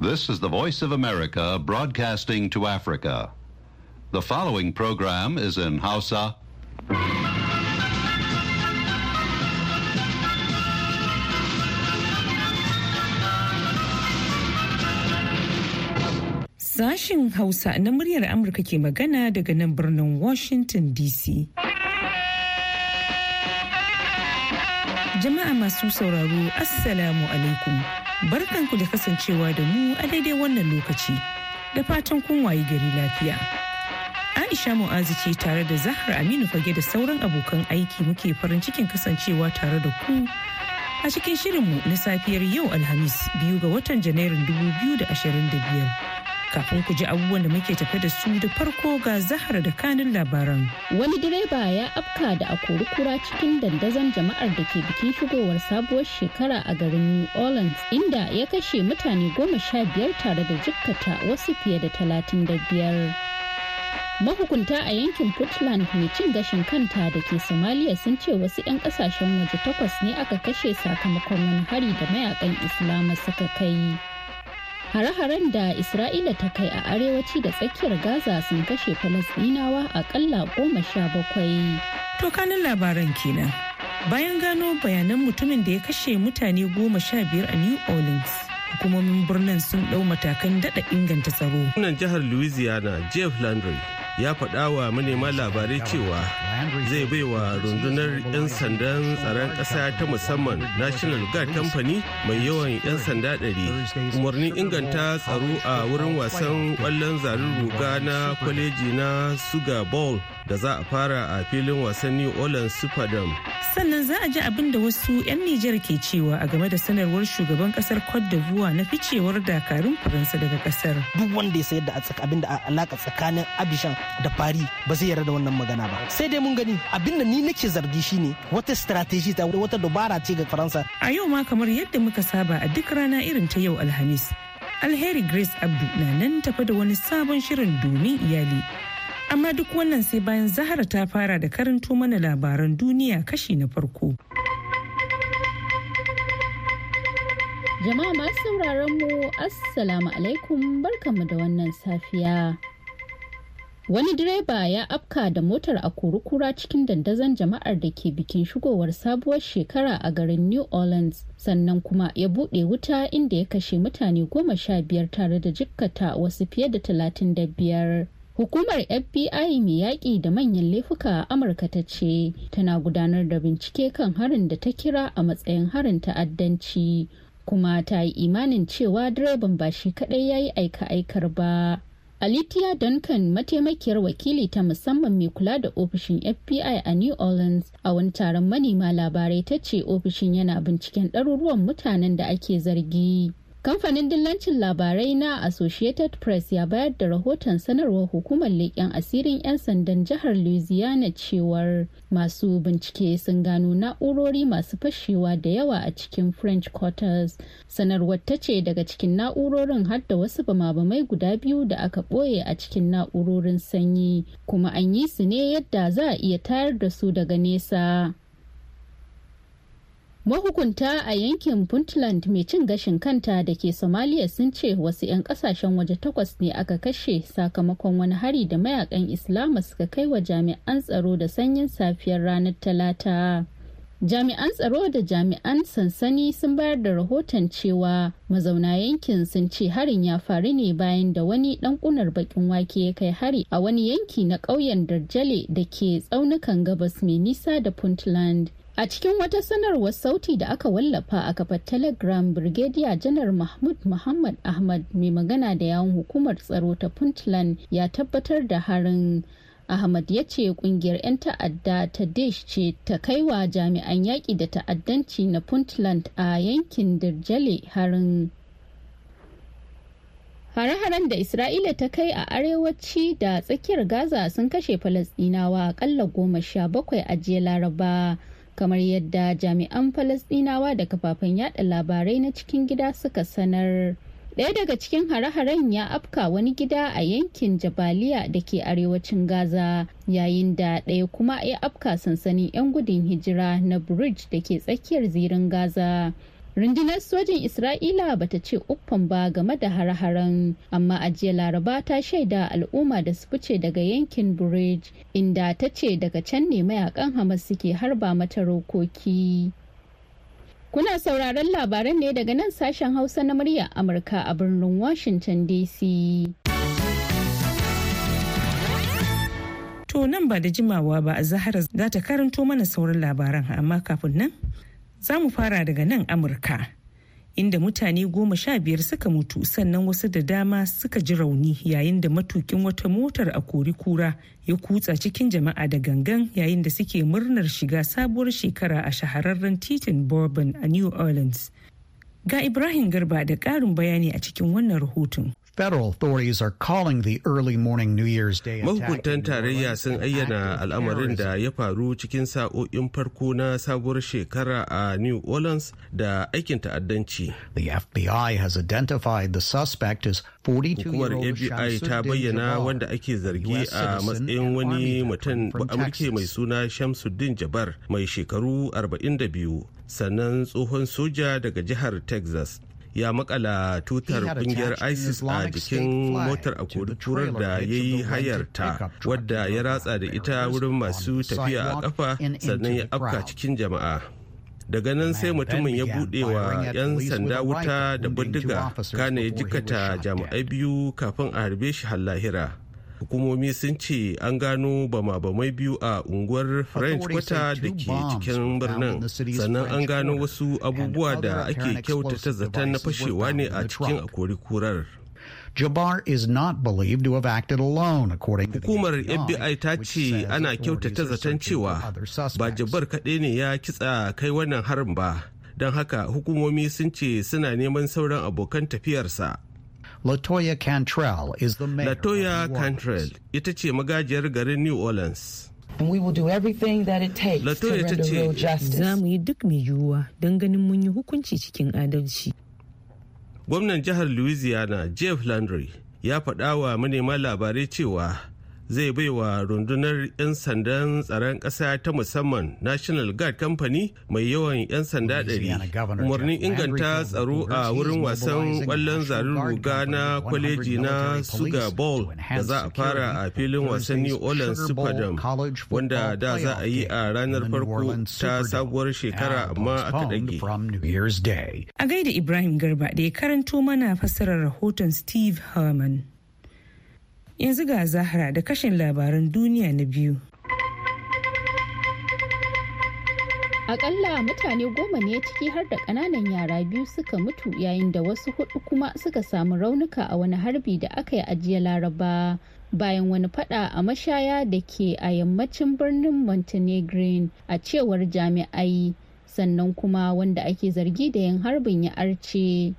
This is the Voice of America broadcasting to Africa. The following program is in Hausa. Sashin Hausa na muryar Amurka ke magana daga nan birnin Washington DC. Jama'a masu sauraro, Assalamu alaikum. ku da kasancewa da mu a daidai wannan lokaci da fatan kun wayi gari lafiya. Aisha Mu'azu ce tare da Zahra Aminu Fage da sauran abokan aiki muke farin cikin kasancewa tare da ku a cikin shirinmu na safiyar yau Alhamis biyu ga watan Janairun 2025. kafin ku ji abubuwan da muke tafe da su da farko ga zahara da kanin labaran. Wani direba ya afka da a akorikura cikin dandazon jama'ar da ke bikin shigowar sabuwar shekara a garin New Orleans inda ya kashe mutane goma sha biyar tare da jikkata wasu fiye da talatin da biyar. mahukunta a yankin puntland mai cin gashin kanta da ke somalia sun ce wasu 'yan kasashen waje takwas ne aka kashe sakamakon wani hari da mayakan islama suka kai Hare-haren da Isra'ila ta kai a arewaci da tsakiyar Gaza sun kashe Falasɗinawa akalla goma sha bakwai. To kanin labaran kenan. Bayan gano bayanan mutumin da ya kashe mutane goma sha biyar a New Orleans. hukumomin birnin sun ɗau matakan daɗa inganta tsaro. Gwamnan jihar Louisiana, Jeff Landry, ya faɗa wa manema labarai cewa zai bai wa rundunar 'yan sandan tsaron ƙasa ta musamman national guard company mai yawan 'yan sanda ɗari umarnin inganta tsaro a wurin wasan ƙwallon zarin ruga na kwaleji na suga ball da za a fara a filin wasan New Orleans Superdome. Sannan za a ji abin da wasu 'yan Nijar ke cewa a game da sanarwar shugaban kasar Cote d'Ivoire na ficewar dakarun Faransa daga kasar. Duk wanda ya sayar da abin da alaka tsakanin Abidjan da Paris ba zai yarda da wannan magana ba. Sai dai mun gani abin da ni nake zargi shine wata strategy ta wata dabara ce ga Faransa. A yau ma kamar yadda muka saba a duk rana irin ta yau Alhamis. Alheri Grace Abdu na nan tafa da wani sabon shirin domin iyali. Amma duk wannan sai bayan Zahara ta fara da karanto mana labaran duniya kashi na farko. Jama'a masu sauraron mu Assalamu alaikum barkamu da wannan safiya. Wani direba ya afka da motar a kurukura cikin dandazon jama'ar da ke bikin shigowar sabuwar shekara a garin New Orleans sannan kuma ya buɗe wuta inda ya kashe mutane goma sha biyar tare da jikkata wasu fiye da talatin da biyar. Hukumar FBI mai yaƙi da manyan laifuka a Amurka ta ce tana gudanar da bincike kan harin da ta kira a matsayin harin ta'addanci kuma ta yi imanin cewa direban ba shi kaɗai ya yi aika-aikar ba. Alitia Duncan mataimakiyar wakili ta musamman mai kula da ofishin FBI a New Orleans a wani taron manema labarai ta ce ofishin yana binciken ɗaruruwan mutanen da ake zargi. Kamfanin dillancin labarai na Associated Press ya bayar da rahoton sanarwar hukumar leƙen asirin 'yan sandan jihar Louisiana cewar masu bincike sun gano na'urori masu fashewa da yawa a cikin French Quarters. Sanarwar ta ce daga cikin na'urorin har da wasu bamabamai guda biyu da aka ɓoye a cikin na'urorin sanyi, kuma an yi su ne yadda za a iya tayar da su daga nesa. mahukunta a yankin puntland mai cin gashin kanta da ke somaliya sun ce wasu 'yan kasashen waje takwas ne aka kashe sakamakon wani hari da mayakan islama suka kai wa jami'an tsaro da sanyin safiyar ranar talata jami'an tsaro da jami'an sansani sun bayar da rahoton cewa mazauna yankin sun ce harin ya faru ne bayan da wani dan kunar bakin wake ya kai hari a wani yanki na ƙauyen darjale da ke tsaunukan gabas mai nisa da puntland A cikin wata sanarwar sauti da aka wallafa a kafar Telegram Brigadier Janar Mahmud Muhammad Ahmad mai magana da yawon hukumar tsaro ta Puntland ya tabbatar da harin Ahmad ya ce kungiyar 'yan ta'adda ta dish ce ta kaiwa jami'an yaƙi da ta'addanci na Puntland a yankin Dirjale harin. Hare-haren da Isra'ila ta kai a arewaci da tsakiyar Gaza sun kashe Falasɗinawa akalla goma sha bakwai a jiya Laraba. kamar yadda jami'an falasdinawa da kafafen yada labarai na cikin gida suka sanar daya daga cikin hare-haren ya afka wani gida a yankin jabaliya da ke arewacin gaza yayin da ɗaya kuma ya afka sansanin 'yan gudun hijira na bridge da ke tsakiyar zirin gaza rundunar sojin isra'ila bata ce uffan ba game da har-haren amma ajiya laraba ta shaida al'umma da su fice daga yankin bridge inda ta ce daga can ne mayakan hamas suke harba mata rokoki kuna sauraron labaran ne daga nan sashen hausa na murya amurka a birnin washington dc to nan ba da jimawa ba a zahara za ta karanto mana sauran labaran amma kafin nan Za mu fara daga nan Amurka, inda mutane goma sha biyar suka mutu sannan wasu da dama suka ji rauni yayin da matukin wata motar a kori kura ya kutsa cikin jama'a da gangan yayin da suke murnar shiga sabuwar shekara a shahararren titin Bourbon a New Orleans. Ga Ibrahim Garba da ƙarin bayani a cikin wannan rahoton. Federal morning Day Mahukuntan tarayya sun ayyana al'amarin da ya faru cikin sa'o'in farko na sabuwar shekara a New Orleans da aikin ta'addanci. The FBI has the suspect Hukumar FBI ta bayyana wanda ake zargi a matsayin wani mutum Amurka mai suna Shamsuddin Jabbar mai shekaru 42 sannan tsohon soja daga jihar Texas. ya makala tutar kungiyar isis a jikin motar a turar da ya yi hayarta wadda ya ratsa da ita wurin masu tafiya a kafa sannan ya afka cikin jama'a daga nan sai mutumin ya buɗe wa 'yan sanda wuta da bindiga kane ya jikata jami'ai biyu kafin a harbe shi har lahira hukumomi sun ce an gano bama-bamai biyu a unguwar french kwata da ke cikin birnin sannan an gano wasu abubuwa da ake kyautata zaton na fashewa ne a cikin akori Jabbar is not believed to have acted alone, according to Hukumar FBI ta ce ana kyautata zaton cewa ba Jabbar kaɗai ne ya kitsa kai wannan harin ba, don haka hukumomi sun ce suna neman sauran abokan tafiyarsa. Latoya Cantrell is the mayor. Latoya Cantrell ita ce magajiyar garin New Orleans. And we will do everything that it takes Latoya to render real justice. Za mu yi duk mai yiwuwa don ganin mun yi hukunci cikin adalci. Gwamnan jihar Louisiana Jeff Landry ya faɗa wa manema labarai cewa zai bai wa rundunar 'yan sandan tsaron ƙasa ta musamman national guard company mai yawan 'yan sanda 100 umarnin inganta tsaro a wurin wasan kwallon zarin ruga na kwaleji na suga ball da za a fara a filin wasan new orleans superdome wanda da za a yi a ranar farko ta sabuwar shekara amma aka dage a gaida ibrahim garba da ya karanto mana fassarar rahoton steve herman yanzu ga zahra da kashin labaran duniya na biyu akalla mutane goma ne ciki har da kananan yara biyu suka mutu yayin da wasu hudu kuma suka samu raunuka a wani harbi da aka yi ajiya laraba bayan wani fada a mashaya da ke a yammacin birnin montenegrin a cewar jami'ai sannan kuma wanda ake zargi da yin harbin ya arce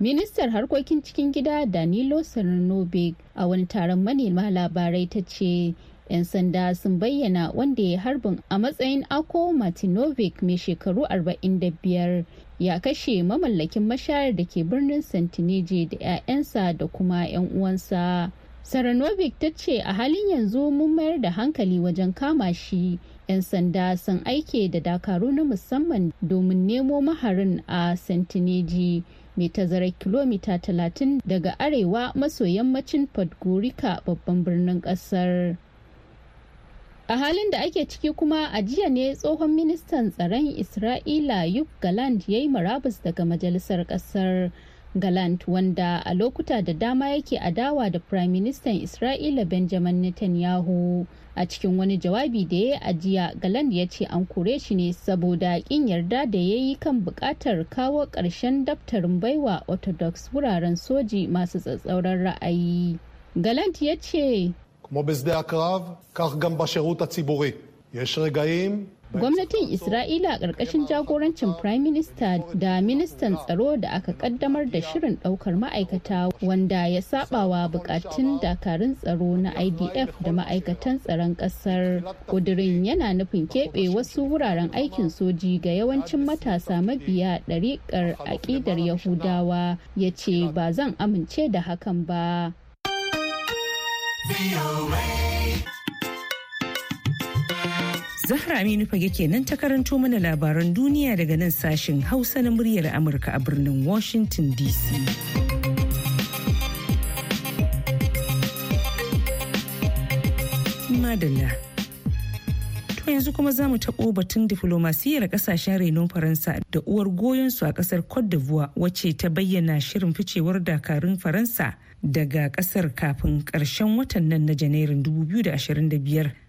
ministar harkokin cikin gida danilo sarnobic a wani taron manema labarai ta ce 'yan sanda sun bayyana wanda ya harbin a matsayin ako martinovic mai shekaru 45 ya kashe mamallakin mashayar da ke birnin santinije da 'ya'yansa da kuma 'yan uwansa saranovic ta ce a halin yanzu mun mayar da hankali wajen kama shi 'yan sanda sun aike da dakaru na musamman domin nemo maharin a santinije mai tazarar kilomita 30 daga arewa maso yammacin podgorica babban birnin kasar a halin da ake ciki kuma a jiya ne tsohon ministan tsaron isra'ila yub galand ya yi marabus daga majalisar kasar galand wanda a lokuta da dama yake adawa da prime ministan isra'ila benjamin netanyahu a cikin wani jawabi da ya ajiya galand ya ce an kore shi ne saboda kin yarda da ya yi kan bukatar kawo ƙarshen daftarin baiwa orthodox wuraren soji masu tsatsauran ra'ayi galand ya ce Gwamnatin Isra'ila a ƙarƙashin jagorancin Prime Minister da Ministan Tsaro da aka ƙaddamar da shirin ɗaukar ma'aikata wanda ya sabawa bukatun dakarun tsaro na IDF da ma'aikatan tsaron ƙasar. Ƙudurin yana nufin keɓe wasu wuraren aikin soji ga yawancin matasa mabiya ɗariƙar aƙidar Yahudawa ya ce ba zan amince da hakan ba. Zahra Aminu fage kenan ta karanto mana labaran duniya daga nan sashen Hausa na muryar Amurka a birnin Washington DC. Madalla. To yanzu kuma za mu taɓo batun diflomasiyyar ƙasashen renon Faransa da uwar goyonsu a ƙasar Cote d'Ivoire wacce ta bayyana shirin ficewar dakarun Faransa daga ƙasar kafin ƙarshen watan nan na Janairun 2025.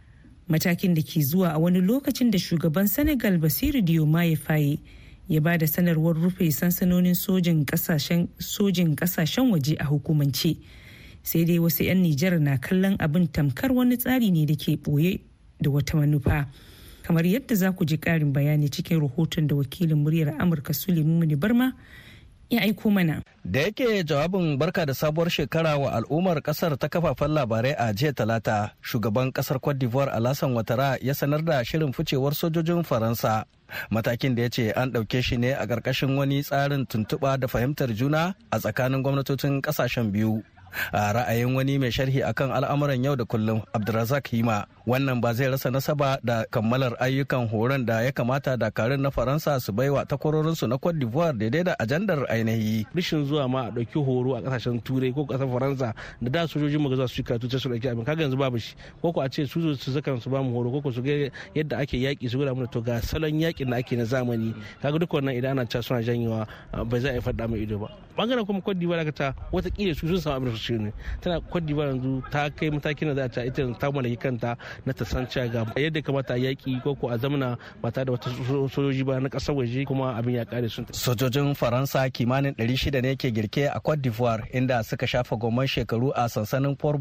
matakin da ke zuwa a wani lokacin da shugaban senegal basiru ya faye ya ba da sanarwar rufe sansanonin sojin kasashen waje a hukumance sai dai wasu 'yan nijar na kallon abin tamkar wani tsari ne da ke ɓoye da wata manufa kamar yadda za ku ji ƙarin bayani cikin rahoton da wakilin muryar amurka suleiman barma ya aiko mana. Da yake jawabin barka da sabuwar shekara wa al'ummar kasar ta kafafen labarai a jiya talata, shugaban kasar Cote d'Ivoire Alassane Ouattara ya sanar da shirin ficewar sojojin Faransa. Matakin da ya ce an ɗauke shi ne a ƙarƙashin wani tsarin tuntuɓa da fahimtar juna a tsakanin gwamnatocin ƙasashen biyu. A ra'ayin wani mai sharhi akan al'amuran yau da kullum Abdulrazak Hima, wannan ba zai rasa nasaba da kammalar ayyukan horon da ya kamata dakarun na faransa su baiwa takwarorinsu na cote d'ivoire daidai da ajandar ainihi rishin zuwa ma a ɗauki horo a ƙasashen turai ko ƙasar faransa da da sojojin mu za su karatu ta su ɗauki abin kaga yanzu babu shi ko ko a ce su su zakan su ba mu horo ko su ga yadda ake yaƙi su gura mana to ga salon yaƙin da ake na zamani kaga duk wannan idan ana cewa suna janyewa ah, ba za a yi faɗa mai ido ba bangaren kuma cote d'ivoire ta watakila su sun samu abin su ne tana cote d'ivoire yanzu ta kai matakin da za a ta ita ta mallaki kanta na ta san ga yadda kamata yaƙi ko ko a zamana ba tare da wata sojoji ba na ƙasar waje kuma abin ya kare sun sojojin faransa kimanin shida ne ke girke a cote d'ivoire inda suka shafa goman shekaru a sansanin port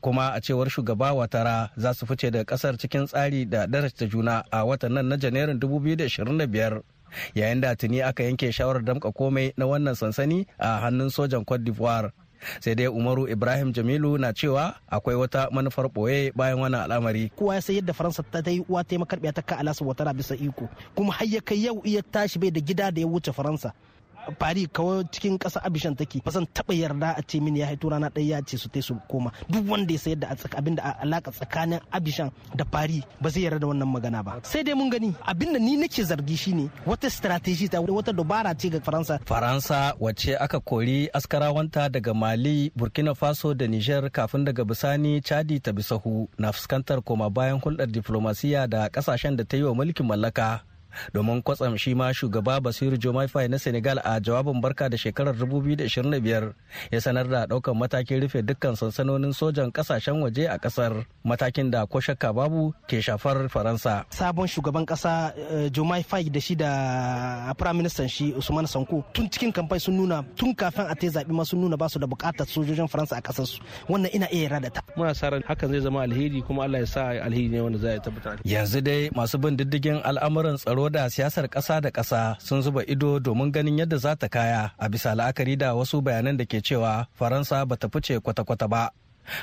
kuma a cewar shugaba watara za su fice daga kasar cikin tsari da darasta juna a watan nan na janairun 2025 yayin da tuni aka yanke shawarar damka komai na wannan sansani a hannun sojan cote d'ivoire sai dai umaru ibrahim jamilu na cewa akwai wata manufar boye bayan wannan al'amari kowa ya sai yadda faransa ta yi uwa ta yi makarbiya ta ka alasa wata bisa iko kuma har ya kai yau iya tashi bai da gida da ya wuce faransa fari kawai cikin ƙasa abishan take ba san taba yarda a ce mini ya haito rana ɗaya ya ce su tai su koma duk wanda ya sayar da abin da alaka tsakanin abishan da fari ba zai yarda da wannan magana ba sai dai mun gani abin da ni nake zargi shine wata strategy ta wata dabara ce ga faransa faransa wacce aka kori askarawanta daga mali burkina faso da niger kafin daga bisani chadi ta bisahu na fuskantar koma bayan hulɗar diplomasiya da ƙasashen da ta yi wa mulkin mallaka domin kwatsam shi ma shugaba basiru jomai na senegal a jawabin barka da shekarar 2025 ya sanar da daukan matakin rufe dukkan sansanonin sojan kasashen waje a kasar matakin da ko shakka babu ke shafar faransa sabon shugaban kasa jomai eh, fai da shi da prime minister shi usman sanko tun cikin kamfai sun nuna tun kafin a ta zaɓi ma sun nuna ba su da buƙatar sojojin faransa a kasar su wannan ina iya yarda ta muna sa ran hakan zai zama alheri kuma Allah ya sa alheri ne wanda za ya tabbatar. yanzu dai masu bin diddigin al'amuran tsaro da siyasar ƙasa da ƙasa sun zuba ido domin ganin yadda za ta kaya a bisa la'akari da wasu bayanan da ke cewa faransa ba ta fice kwata-kwata ba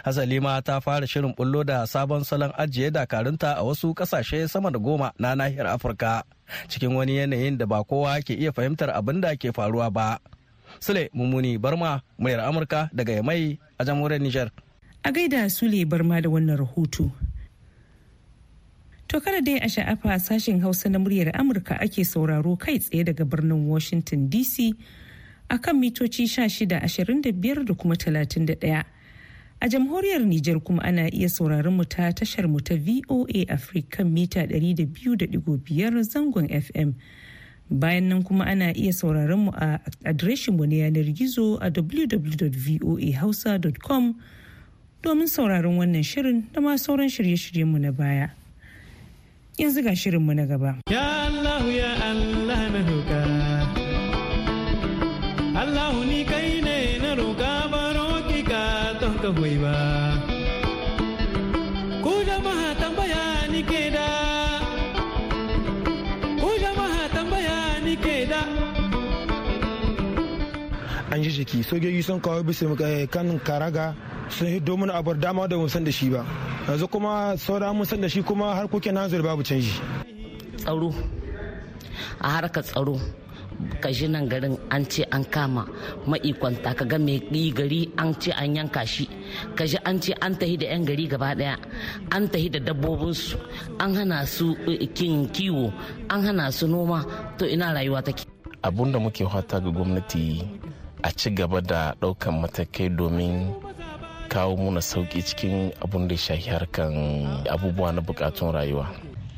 hasali ma ta fara shirin bullo da sabon salon ajiye dakarunta a wasu ƙasashe sama da goma na nahiyar afirka cikin wani yanayin da ba kowa ke iya fahimtar abin da ke faruwa ba sule mummuni barma muryar amurka daga yamai a jamhuriyar nijar. a gaida sule barma da wannan rahoto To kada dai a sha'afa sashen Hausa na muryar Amurka ake sauraro kai tsaye daga birnin Washington DC a kan mitoci 1625 da kuma 31. A jamhuriyar Nijar kuma ana iya sauraron mu ta tashar mu ta VOA Africa mita 200.5 zangon FM. Bayan nan kuma ana iya sauraron mu a adireshin mu na yanar gizo a www.voahausa.com domin sauraron wannan shirin da ma sauran shirye shiryen mu na baya. yanzu ga shirinmu na gaba. Ya Allah ya Allah na roƙa. ni kai ciki sojoji sun kawo bisa eh, kan karaga sun hiddo domin abar dama da mun san da shi ba yanzu kuma saura mun san da shi kuma harkokin hanzar babu canji tsaro a harkar tsaro ka ji nan garin an ce an kama ma'ikwanta ka ga mai gari an ce an yanka shi ka ji an ce an tahi da 'yan gari gaba daya an tahi da dabbobinsu an hana su eh, kin kiwo an hana su noma to ina rayuwa take abinda da muke hata ga gwamnati a ci gaba da ɗaukan matakai domin kawo muna sauki cikin abun da shafi harkan abubuwa na bukatun rayuwa.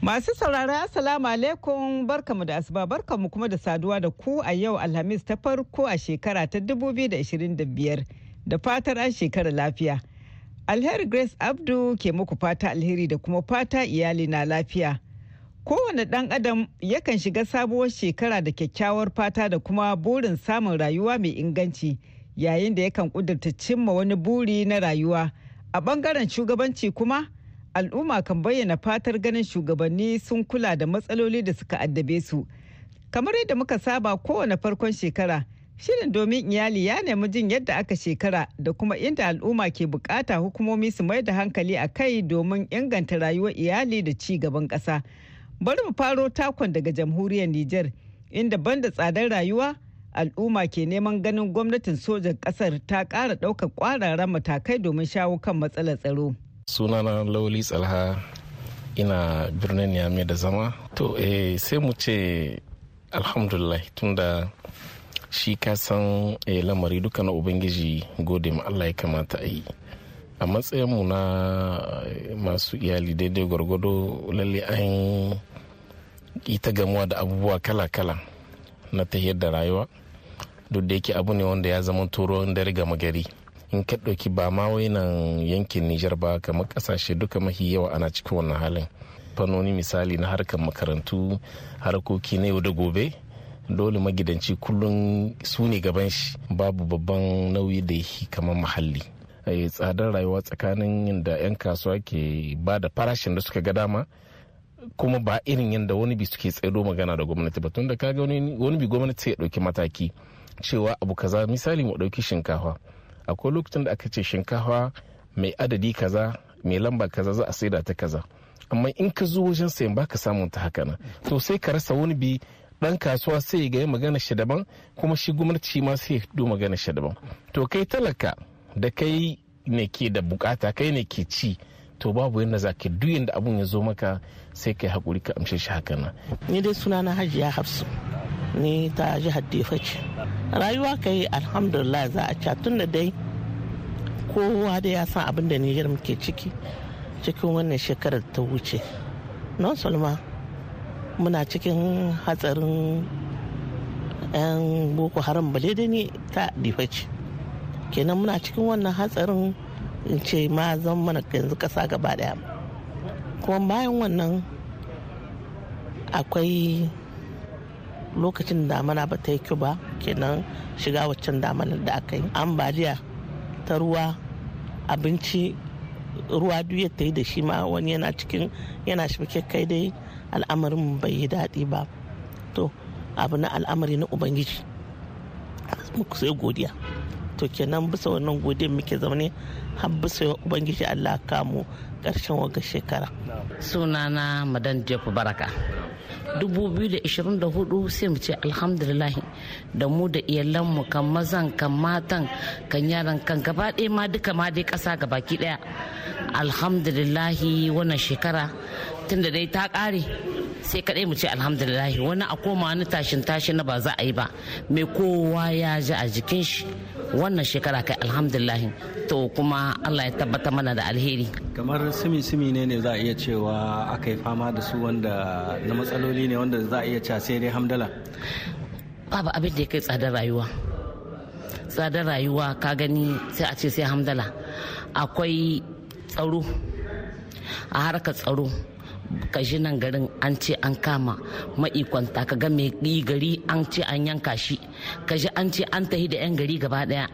Masu saurara Assalamu alaikum barkamu da asuba barkamu kuma da saduwa da ku a yau Alhamis ta farko a shekara ta 2025 da fatar an shekara lafiya. Alheri Grace Abdu ke muku fata alheri da kuma fata iyali na lafiya. Kowane ɗan adam yakan shiga sabuwar shekara da kyakkyawar fata da kuma burin samun rayuwa mai inganci yayin da yakan ƙudurta cimma wani buri na rayuwa. A ɓangaren shugabanci kuma al'umma kan bayyana fatar ganin shugabanni sun kula da matsaloli da suka addabe su. Kamar yadda muka saba kowane farkon shekara, shirin domin iyali ya nemi jin yadda aka shekara da kuma inda al'umma ke bukata hukumomi su mai da hankali a kai domin inganta rayuwar iyali da ci gaban ƙasa. Bari mu faro takon daga jamhuriyar Nijar inda banda tsadar rayuwa al'umma ke neman ganin gwamnatin sojan ƙasar ta ƙara ɗaukar ƙwararren matakai domin shawo kan matsalar tsaro. Sunana Lauli Tsalha ina birnin Niamey da zama. To eh, sai mu ce alhamdulillah tunda shi ka san eh, lamari duka na Ubangiji gode ma Allah ya kamata a yi. a matsayin mu na masu iyali daidai gwargwado lalle an yi ta gamuwa da abubuwa kala-kala na ta da rayuwa duk da yake abu ne wanda ya zama turon dare gama magari. in ka ɗauki ba ma nan yankin nijar ba kamar ƙasashe duka mahi yawa ana cikin wannan halin fanoni misali na harkar makarantu harkoki na yau da gobe dole magidanci kullum su ne gaban shi babu babban nauyi da yi kamar muhalli Eh, tsadar rayuwa tsakanin yadda 'yan kasuwa ke ba da farashin da suka ga dama kuma ba irin yadda wani bi suke tsaido magana da gwamnati ba tun da kaga wani bi gwamnati ya ɗauki mataki cewa abu kaza misali mu ɗauki shinkafa akwai lokacin da aka ce shinkafa mai adadi kaza mai lamba kaza za a saida ta kaza amma in ka zo wajen sayan baka samu ta haka nan to sai ka rasa wani bi dan kasuwa sai ya ga magana shi daban kuma shi gwamnati ma sai ya magana shi daban to kai talaka da kai ne ke da bukata kai ne ke ci to babu yadda za ka duk yadda abun ya zo maka sai kai hakuri ka amshe shi haka nan. ni dai suna na hajiya hafsu ni ta jihar defa ce rayuwa kai alhamdulillah za a ca tun da dai kowa da ya san abin da nijar muke ciki cikin wannan shekarar ta wuce non solma muna cikin hatsarin 'yan boko haram bale da ni ta difaci kenan muna cikin wannan hatsarin in ce ma zan mana yanzu kasa gaba daya kuma bayan wannan akwai lokacin damana ba ta yi ba kenan shiga waccan damanar da aka yi ambaliya ta ruwa abinci ruwa duya ta yi da shi ma wani yana cikin yana shirke kai dai al'amarin bai yi daɗi ba to abu na al'amari na ubangiji sai godiya to kenan bisa wannan godiyar muke zaune har bisa ubangiji allah kamu karshen waga shekara sunana madan jeff baraka 2024 sai mu ce alhamdulillah da mu da iyalanmu kan mazan kan matan kan yaran kan gaba ɗaya ma duka ma dai ƙasa gabaki ɗaya alhamdulillah wannan shekara da dai ta kare sai kaɗai mu ce alhamdulillahi wani a koma wani tashin tashi na ba za a yi ba mai kowa ya ji a jikin shi wannan shekara kai alhamdulillahi to kuma allah ya tabbata mana da alheri kamar simi simi ne ne za a iya cewa aka yi fama da su wanda na matsaloli ne wanda za a iya cewa sai dai hamdala babu abin da ya kai tsadar rayuwa tsadar rayuwa ka gani sai a ce sai hamdala akwai tsaro a harkar tsaro ka nan garin an ce an kama ma'ikwanta ka ga mai gari an ce an yanka shi kaji an ce an tahi da 'yan gari gaba daya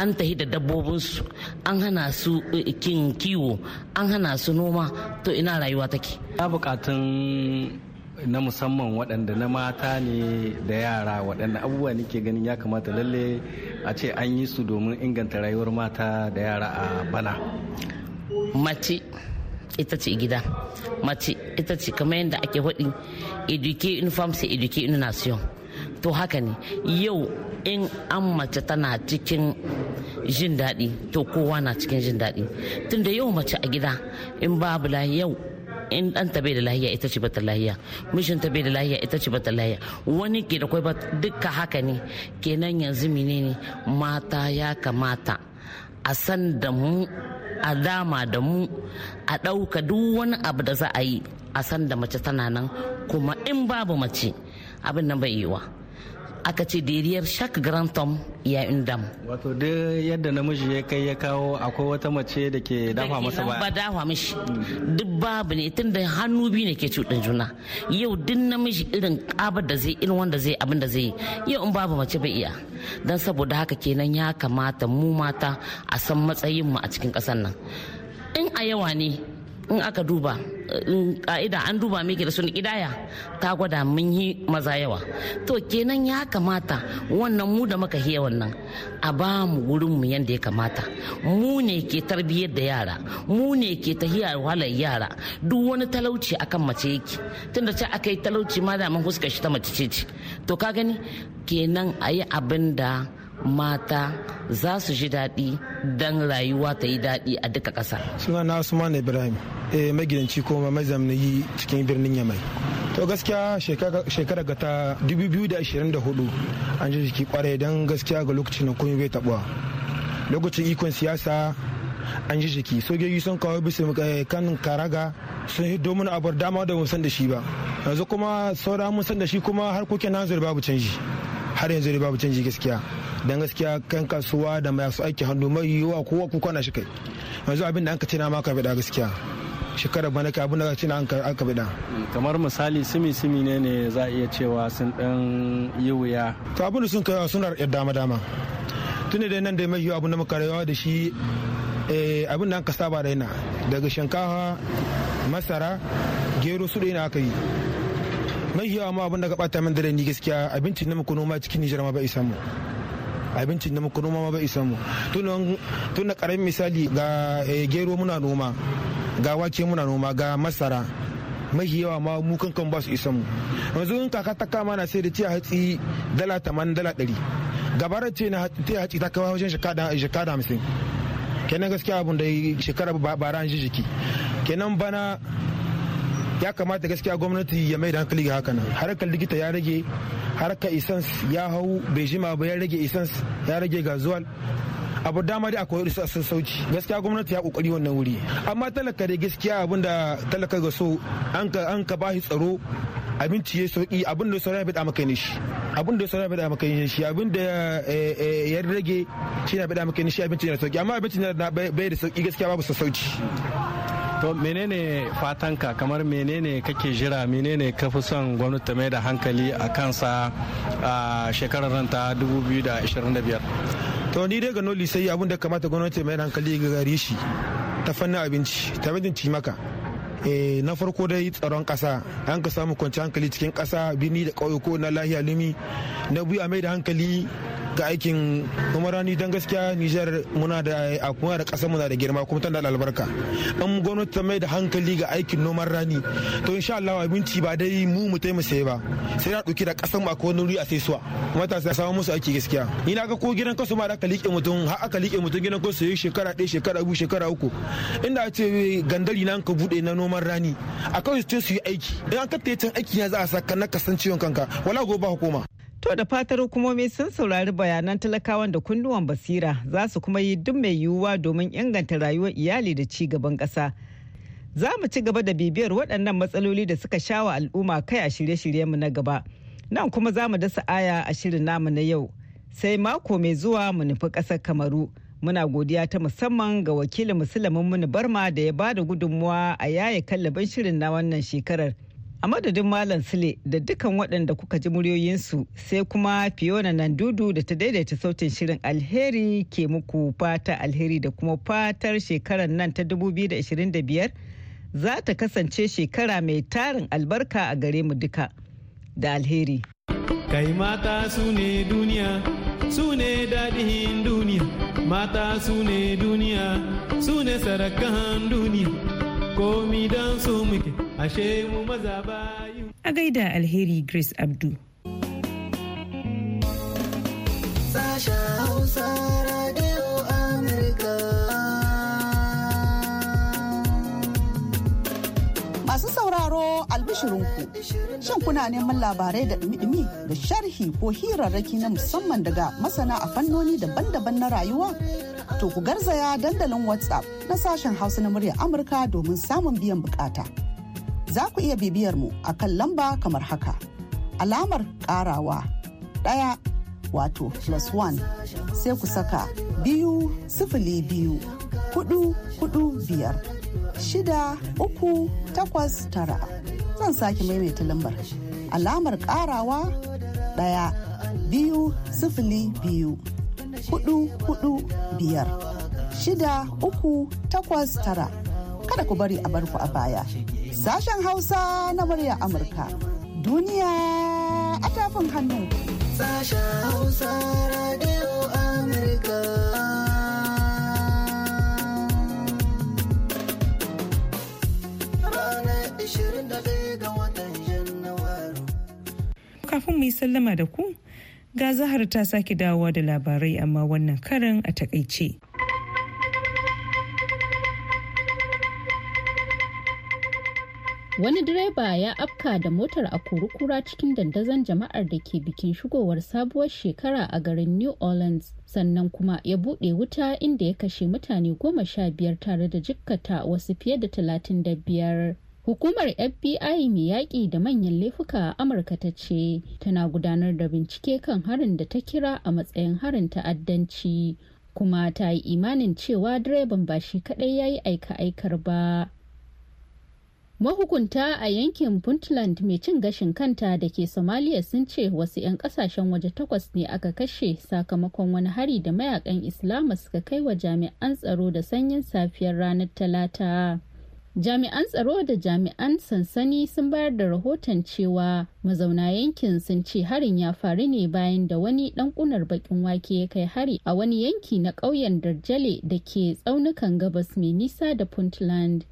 an tahi da dabbobinsu an hana su eh, kin kiwo an hana su noma to ina rayuwa take na bukatun na musamman waɗanda na mata ne da yara waɗanda abubuwa nake ganin ya kamata lalle a ce an yi su domin inganta rayuwar mata da yara a bana mace ita ce gida mace ita ce kamar yadda ake faɗi eduke uniform sai eduke in nation to haka ne yau in an mace tana cikin jin daɗi to kowa na cikin jin daɗi tunda yau mace a gida in babu yau in dan ta bai da lahiya ita ce bata lahiya mishin ta bai da lahiya ita ce bata lahiya wani ke da kwai ba duka haka ne kenan yanzu menene mata ya kamata a san da mu a dama da mu a ɗauka duk wani abu da za a yi a san da mace tana nan kuma in babu mace abin nan bai yiwa aka ce diriyar shak grand tom ya indam wato duk yadda namiji ya kai ya kawo akwai wata mace da ke dafa masa baya ba dafa mishi mm. duk babu ne tun da hannu biyu ne ke cuɗin juna yau duk namiji irin ƙabar da zai irin wanda zai abin da zai yau in babu mace bai iya dan saboda haka kenan ya kamata mu mata a san matsayin mu a cikin ƙasar nan in a yawa ne in aka duba ka'ida an duba miki da suna kidaya ta gwada mun yi maza yawa to kenan ya kamata wannan mu da muka hiya wannan a ba mu wurin mu yanda ya kamata mu ne ke tarbiyyar da yara mu ne ke tahiya wahalar yara duk wani talauci akan mace yake tunda ce akai talauci ma da mun huska shi ta mace ce to ka gani kenan a yi abin da mata za su ji daɗi don rayuwa ta yi daɗi a duka ƙasa. suna na mana ibrahim eh magidanci ko mai yi cikin birnin yamai to gaskiya shekara ga ta 2024 an ji jiki kwarai don gaskiya ga lokacin da kuma bai taɓa lokacin ikon siyasa an ji jiki sojoji sun kawo bisa eh, kan karaga sun yi domin abar dama da mun san da shi ba yanzu kuma saura mun san da shi kuma harkokin hanzari babu canji har yanzu babu canji gaskiya dan gaskiya kan kasuwa da masu aiki hannu mai yiwuwa kowa kuka na shi kai yanzu abin da an ka ce na ma ka faɗa gaskiya shekarar bana ka abin da ce na an ka faɗa. kamar misali simi simi ne ne za a iya cewa sun dan yi wuya to abin da sun kai suna da dama dama tun dai nan da mai yiwuwa abin da muka rayuwa da shi eh, abin da an ka saba da yana daga shinkafa masara gero su da yana aka yi mai yawa ma abin da ka bata min da ni gaskiya abinci na muku noma cikin nijar ma bai mu. abincin da muka noma ma bai isa mu tun da karamin misali ga eh, gero muna noma ga wake muna noma ga masara mahi yawa ma mu kankan ba su isa mu yanzu in kaka ta kama na sai da a hatsi dala tamanin dala ɗari gabarar ce na ta hatsi ta kawo wajen shekara hamsin kenan gaskiya abun da shekara ba ran jiki kenan bana ya kamata gaskiya gwamnati ya mai da hankali ga hakan harkar likita ya rage harkar isans ya hau bai jima ba ya rage isans ya rage ga gazuwal abu dama dai akwai wasu sauki gaskiya gwamnati ya kokari wannan wuri amma talaka da gaskiya da talaka ga so an ka bashi tsaro abinci ya sauki abin da sauran ya bada maka ne shi abin da sauran ya bada maka ne shi abin da ya eh, eh, rage shi na bada maka ne shi abinci ya sauki amma abinci na bai da sauki gaskiya babu sassauci to menene fatanka kamar menene kake jira menene ka fi son gwamnati ta mai da hankali a kansa a shekarar ta 2025 to ni dai ga noli sai abin da kamata gwamnati mai da hankali ga gari shi ta fannin abinci ta mijinci maka eh, na farko dai tsaron kasa an ka samu kwanci hankali cikin kasa birni da ƙauye ko na lahiya limi na biyu a mai da hankali ga aikin kuma rani don gaskiya Nijar muna da kuma da ƙasa muna da girma kuma tana da albarka. An gwamnati ta mai da hankali ga aikin noman rani to insha Allah abinci ba dai mu mu taimu sai ba sai na ɗauki da mu a kowane wuri a sai suwa matasa samu musu aiki gaskiya. Ni na ga ko gidan kasu ma da aka liƙe mutum har aka liƙe mutum gidan kasu yayi shekara ɗaya shekara biyu shekara uku inda a ce gandari na ka bude na noman rani a kawai su yi aiki idan ka can aiki ya za a saka na kasance kanka wala gobe ba hukuma. To da fatar hukumomi sun saurari bayanan talakawan da kunnuwan basira za su kuma yi duk mai yiwuwa domin inganta rayuwar iyali da ci gaban ƙasa. Za mu ci gaba da bibiyar waɗannan matsaloli da suka sha wa al'umma kai a shirye-shiryenmu shirye na gaba. Nan kuma za mu dasa aya a shirin namu na yau. Sai mako mai zuwa mu nufi ƙasar Kamaru. Muna godiya ta musamman ga wakilin musulmin muni barma da ya bada gudunmuwa a yaye kallabin shirin na wannan shekarar. a madadin malam sule da dukkan waɗanda kuka ji muryoyinsu sai kuma fiona nan da ta daidaita sautin shirin alheri ke muku fata alheri da kuma fatar shekarar nan ta 2025 za ta kasance shekara mai tarin albarka a gare mu duka da alheri kai mata su ne duniya su ne daɗin duniya mata su ne duniya su ne sarakan duniya komi don su muke ashe mu maza bayu a gaida alheri grace abdu Sasha Masu sauraro albishirinku, shin kuna neman labarai da ɗumi da sharhi ko hirarraki na musamman daga masana a fannoni daban-daban na rayuwa? To ku garzaya dandalin WhatsApp na sashen Hausa na murya Amurka domin samun biyan bukata. za ku iya bibiyar mu a kan lamba kamar haka. Alamar karawa ɗaya wato plus one sai ku saka biyu sifili biyu hudu hudu biyar shida uku takwas tara zan sake maimaita lambar alamar karawa ɗaya biyu sifili biyu hudu hudu biyar shida uku takwas tara kada ku bari a barku a baya Sashen Hausa na murya Amurka. Duniya a tafin hannu. Sashen Hausa Amurka. kafin mu yi sallama da ku ga zahar ta sake dawowa da labarai amma wannan karin a takaice. wani direba ya afka da motar a kurukura cikin dandazon jama'ar da ke bikin shigowar sabuwar shekara a garin new orleans sannan kuma ya buɗe wuta inda ya kashe mutane goma sha biyar tare da jikkata wasu fiye da talatin da biyar Hukumar FBI mai yaƙi da manyan laifuka a Amurka ta ce tana gudanar da bincike kan harin da ta kira a matsayin harin ta'addanci kuma ta yi imanin cewa direban ba shi kaɗai ya yi aika-aikar ba. Mahukunta a yankin Puntland mai cin gashin kanta da ke Somalia sun ce wasu 'yan kasashen waje takwas ne aka kashe sakamakon wani hari da mayakan Islama suka kai wa jami'an tsaro da sanyin safiyar ranar Talata. Jami'an tsaro da jami'an sansani sun bayar da rahoton cewa mazauna yankin sun ce harin ya faru ne bayan da wani dan kunar bakin wake ya kai hari a wani yanki na ƙauyen Darjale da ke tsaunukan gabas mai nisa da Puntland.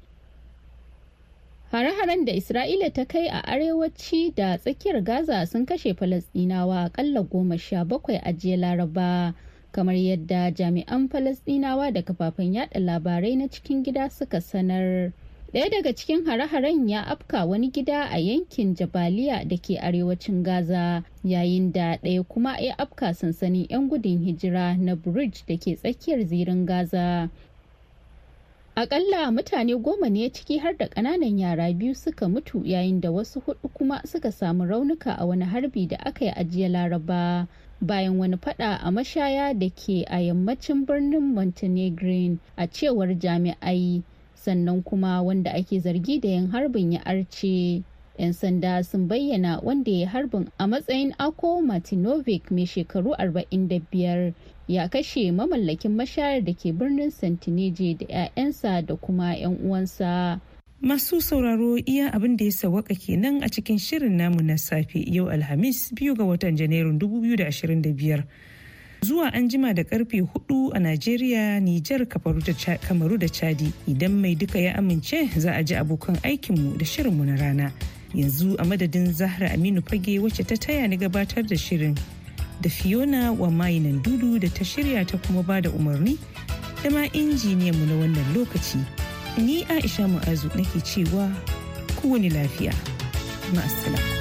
Hare-haren da Isra'ila ta kai a arewaci da tsakiyar Gaza sun kashe Falasɗinawa akalla goma sha bakwai a jiya Laraba, kamar yadda jami'an Falasɗinawa da kafafen yaɗa labarai na cikin gida suka sanar. Ɗaya daga cikin hare-haren ya afka wani gida a yankin Jabaliya da ke arewacin Gaza, yayin da ɗaya kuma ya afka sansanin 'yan gudun hijira na Bridge da ke tsakiyar zirin Gaza. akalla mutane goma ne ciki har da kananan yara biyu suka mutu yayin da wasu hudu kuma suka samu raunuka a wani harbi da aka yi ajiya laraba bayan wani fada a mashaya da ke a yammacin birnin montenegrin a cewar jami'ai sannan kuma wanda ake zargi da yin harbin ya arce 'yan sanda sun bayyana wanda ya harbin a matsayin ako martinovic mai shekaru 45 ya kashe mamallakin mashayar da ke birnin santinije da 'ya'yansa da kuma 'yan uwansa masu sauraro iya abin da ya sawaka kenan a cikin shirin namu na safe yau alhamis biyu ga watan janairun 2025 zuwa an jima da karfe 4 a nigeria Nijar, Kamaru da Chadi. Idan mai duka ya amince za a ji abokan aikinmu da shirinmu na rana. Yanzu a madadin Zahra Aminu Fage wacce ta taya ni gabatar da shirin da Fiona wa mayinan dudu da ta shirya ta kuma ba da umarni da ma mu na wannan lokaci. Ni Aisha Mu'azu nake cewa kowane lafiya. Ma'asala.